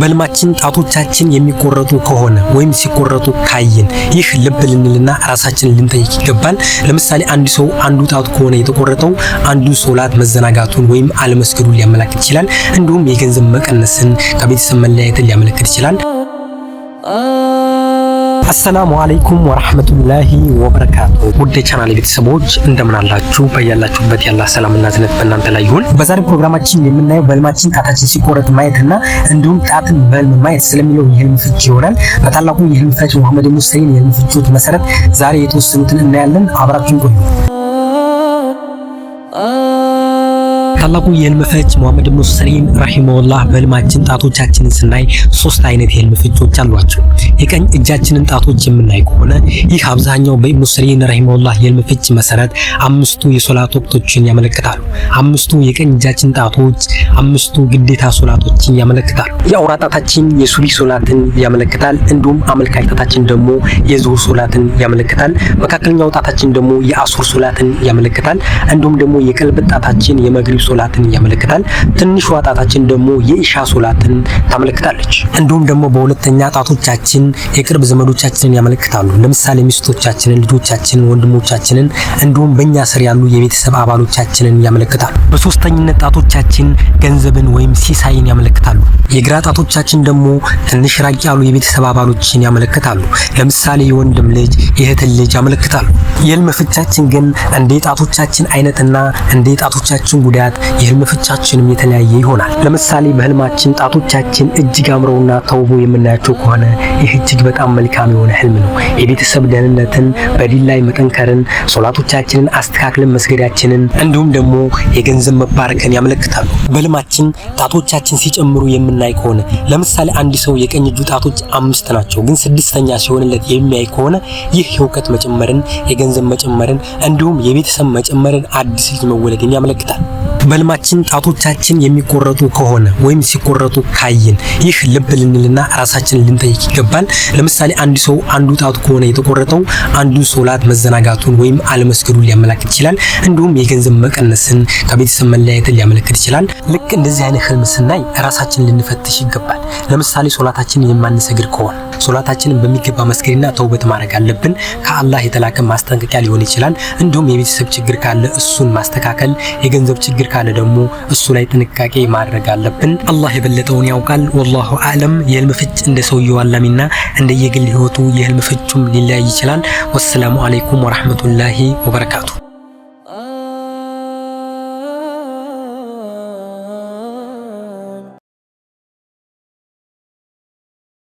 በልማችን ጣቶቻችን የሚቆረጡ ከሆነ ወይም ሲቆረጡ ካየን ይህ ልብ ልንልና ራሳችን ልንጠይቅ ይገባል። ለምሳሌ አንድ ሰው አንዱ ጣቱ ከሆነ የተቆረጠው አንዱ ሶላት መዘናጋቱን ወይም አለመስገዱን ሊያመላክት ይችላል። እንዲሁም የገንዘብ መቀነስን፣ ከቤተሰብ መለያየትን ሊያመለክት ይችላል። አሰላሙ አለይኩም ወራህመቱላሂ ወበረካቱ። ውድ የቻናል ቤተሰቦች እንደምን አላችሁ? በያላችሁበት ያለ ሰላምና ዝነት በእናንተ ላይ ይሁን። በዛሬ ፕሮግራማችን የምናየው በህልማችን ጣታችን ሲቆረጥ ማየትና እንዲሁም ጣትን በህልም ማየት ስለሚለው የህልም ፍች ይሆናል። በታላቁ የህልም ፈች መሐመድ ሙስተይን የህልም ፍቾች መሰረት ዛሬ የተወሰኑትን እናያለን። አብራችሁን ቆዩ። ታላቁ የህልም ፍች ሙሐመድ ኢብኑ ሲሪን ረሂመሁላህ በህልማችን ጣቶቻችንን ስናይ ሶስት አይነት የህልም ፍቾች አሏቸው። የቀኝ እጃችንን ጣቶች የምናይ ከሆነ ይህ አብዛኛው በኢብኑ ሲሪን ረሂመሁላህ የህልም ፍች መሰረት አምስቱ የሶላት ወቅቶችን ያመለክታሉ። አምስቱ የቀኝ እጃችን ጣቶች አምስቱ ግዴታ ሶላቶችን ያመለክታሉ። የአውራ ጣታችን የሱቢ ሶላትን ያመለክታል። እንዲሁም አመልካች ጣታችን ደግሞ የዙሁር ሶላትን ያመለክታል። መካከለኛው ጣታችን ደግሞ የአሱር ሶላትን ያመለክታል። እንዲሁም ደግሞ የቀልብ ጣታችን የመግሪብ ሶላትን ያመለክታል። ትንሿ ጣታችን ደግሞ የኢሻ ሶላትን ታመለክታለች። እንዲሁም ደግሞ በሁለተኛ ጣቶቻችን የቅርብ ዘመዶቻችንን ያመለክታሉ። ለምሳሌ ሚስቶቻችንን፣ ልጆቻችንን፣ ወንድሞቻችንን እንዲሁም በእኛ ስር ያሉ የቤተሰብ አባሎቻችንን ያመለክታሉ። በሶስተኝነት ጣቶቻችን ገንዘብን ወይም ሲሳይን ያመለክታሉ። የግራ ጣቶቻችን ደግሞ ትንሽ ራቅ ያሉ የቤተሰብ አባሎችን ያመለክታሉ። ለምሳሌ የወንድም ልጅ፣ የእህትን ልጅ ያመለክታሉ። የእልም ፍቻችን ግን እንደ ጣቶቻችን አይነትና እንደ ጣቶቻችን ጉዳት የህልም ፍቻችንም የተለያየ ይሆናል። ለምሳሌ በህልማችን ጣቶቻችን እጅግ አምረውና ተውቦ የምናያቸው ከሆነ ይህ እጅግ በጣም መልካም የሆነ ህልም ነው። የቤተሰብ ደህንነትን፣ በዲን ላይ መጠንከርን፣ ሶላቶቻችንን አስተካክለን መስገዳችንን እንዲሁም ደግሞ የገንዘብ መባረክን ያመለክታሉ። በህልማችን ጣቶቻችን ሲጨምሩ የምናይ ከሆነ ለምሳሌ አንድ ሰው የቀኝ እጁ ጣቶች አምስት ናቸው፣ ግን ስድስተኛ ሲሆንለት የሚያይ ከሆነ ይህ የእውቀት መጨመርን፣ የገንዘብ መጨመርን እንዲሁም የቤተሰብ መጨመርን፣ አዲስ ልጅ መወለድን ያመለክታል። በህልማችን ጣቶቻችን የሚቆረጡ ከሆነ ወይም ሲቆረጡ ካየን ይህ ልብ ልንልና ራሳችን ልንጠይቅ ይገባል። ለምሳሌ አንድ ሰው አንዱ ጣቱ ከሆነ የተቆረጠው አንዱ ሶላት መዘናጋቱን ወይም አለመስገዱን ሊያመላክት ይችላል። እንዲሁም የገንዘብ መቀነስን፣ ከቤተሰብ መለያየትን ሊያመለክት ይችላል። ልክ እንደዚህ አይነት ህልም ስናይ ራሳችን ልንፈትሽ ይገባል። ለምሳሌ ሶላታችንን የማንሰግድ ከሆነ ሶላታችንን በሚገባ መስገድና ተውበት ማድረግ አለብን። ከአላህ የተላከ ማስጠንቀቂያ ሊሆን ይችላል። እንዲሁም የቤተሰብ ችግር ካለ እሱን ማስተካከል፣ የገንዘብ ችግር ካለ ደግሞ እሱ ላይ ጥንቃቄ ማድረግ አለብን። አላህ የበለጠውን ያውቃል። ወላሁ አዕለም። የህልም ፍጭ እንደ ሰውየው አላሚና እንደየግል ህይወቱ የህልም ፍቹም ሊለያይ ይችላል። ወሰላሙ አለይኩም ወራህመቱላሂ ወበረካቱ